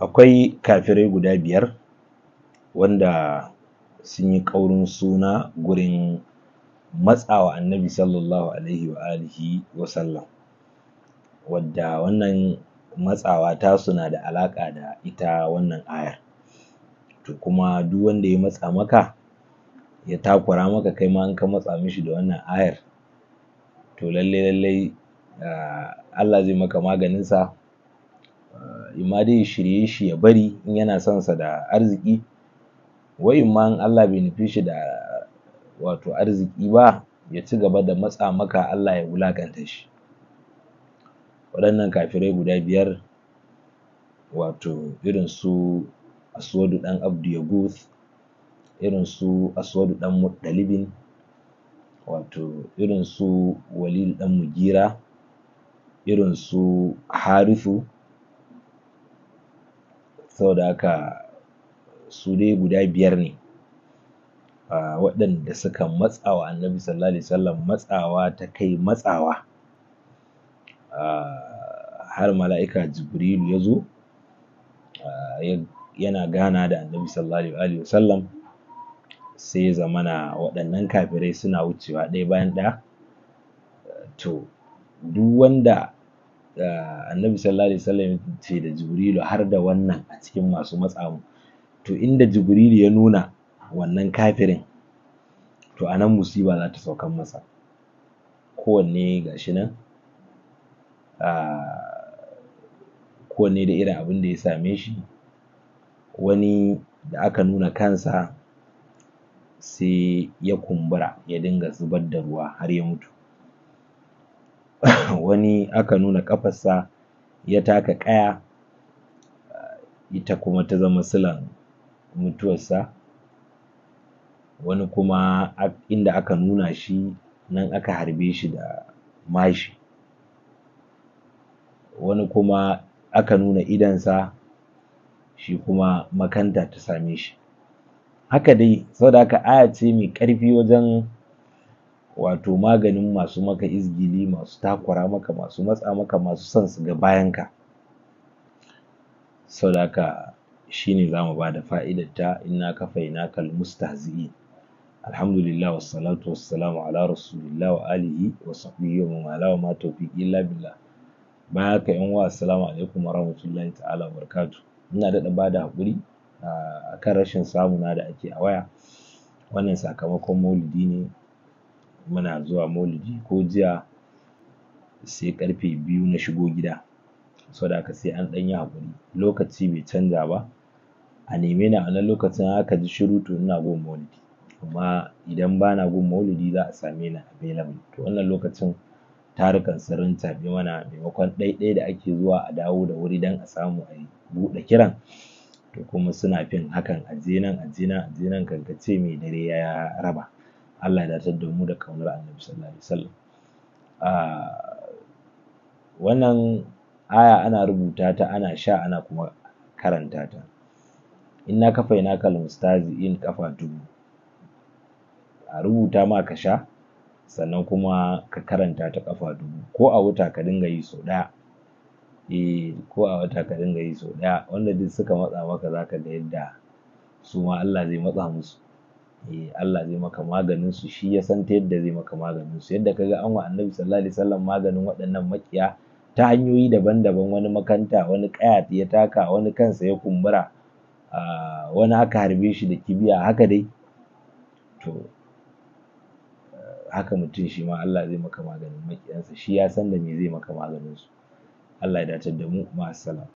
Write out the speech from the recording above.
akwai kafirai guda biyar wanda sun yi ƙaurin suna gurin matsawa annabi sallallahu alaihi wa alihi wa sallam wadda wannan matsawa ta suna da alaƙa da ita wannan ayar to kuma duk wanda ya matsa maka ya takura maka kai ma in ka matsa mishi da wannan ayar to lalle lalle ah, Allah zai maka maganinsa Eh, imma dai ya shirye shi ya bari in yana son sa da arziki wa imma in Allah bai nufe shi da wato arziki ba ya ci gaba da matsa maka Allah ya wulakanta shi waɗannan kafirai guda biyar wato irin su Aswadu ɗan Abdu Yaguth irin su Aswadu dan Muttalibin wato irin su walil ɗan Mugira irin su Harifu saboda haka su dai guda biyar ne waɗanda suka matsawa annabi sallallahu alaihi wasallam matsawa ta kai matsawa har mala'ika jibrilu ya zo yana gana da annabi sallallahu alaihi wasallam sai zamana waɗannan kafirai suna wucewa ɗaya bayan ɗaya to duk wanda annabi sallallahu alaihi wasallam ce da jibrilu har da wannan a cikin masu matsamu to inda jibrilu ya nuna wannan kafirin to anan musiba za ta saukan masa kowanne gashi nan kowanne da irin abin da ya same shi wani da aka nuna kansa sai ya kumbura ya dinga zubar da ruwa har ya mutu wani aka nuna ƙafarsa ya taka ƙaya ita kuma ta zama silan mutuwarsa wani kuma inda aka nuna shi nan aka harbe shi da mashi wani kuma aka nuna idonsa shi kuma makanta ta same shi haka dai saboda haka aya ce mai ƙarfi wajen wato maganin masu maka izgili masu takura maka masu matsa maka masu son su ga bayan ka saboda haka shine zamu da fa'idar ta inna kafainaka almustahzi'in alhamdulillah wa salamu ala rasulillah wa alihi wa sahbihi wa man ma tawfiqi illa billah bayan ka yan wa? assalamu alaikum wa rahmatullahi ta'ala wa barakatuh ina daɗa bada haƙuri a ah, kan rashin samuna da ake a waya wannan sakamakon maulidi ne muna zuwa maulidi ko jiya sai karfe biyu na shigo gida saboda haka sai an ɗan yi haƙuri lokaci bai canja ba a neme ni a wannan lokacin aka ji shiru to ina gun maulidi amma idan bana gun maulidi za a same ni available to wannan lokacin tarukan sirrin tafi mana maimakon ɗaiɗai da ake zuwa a dawo da wuri don a samu a buɗe kiran to kuma suna fin hakan aje nan aje nan aje nan kan ce mai dare ya raba Allah ya datar da mu da kaunar annabi sallallahu alaihi wasallam ah, wannan aya ana rubuta ta ana sha ana kuma karanta ta na kafa ina kal in kafa dubu a rubuta ma ka sha sannan kuma ka karanta ta kafa dubu ko a wuta ka dinga yi sau ɗaya eh ko a wata ka dinga yi sau ɗaya wanda duk suka matsa maka zaka ga yadda su ma Allah zai matsa musu Eh, Allah zai maka maganin su shi ya san ta yadda zai maka maganin su yadda kaga an wa annabi sallallahu alaihi wasallam maganin waɗannan makiya ta hanyoyi daban-daban wani makanta wani kaya ya taka wani kansa ya kumbura wani aka harbe shi da kibiya haka dai to haka mutum shi ma Allah zai maka maganin makiyansa shi ya san da me zai maka maganin su Allah ya datar da mu ma